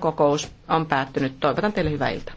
kokous on päättynyt. Toivotan teille hyvää iltaa.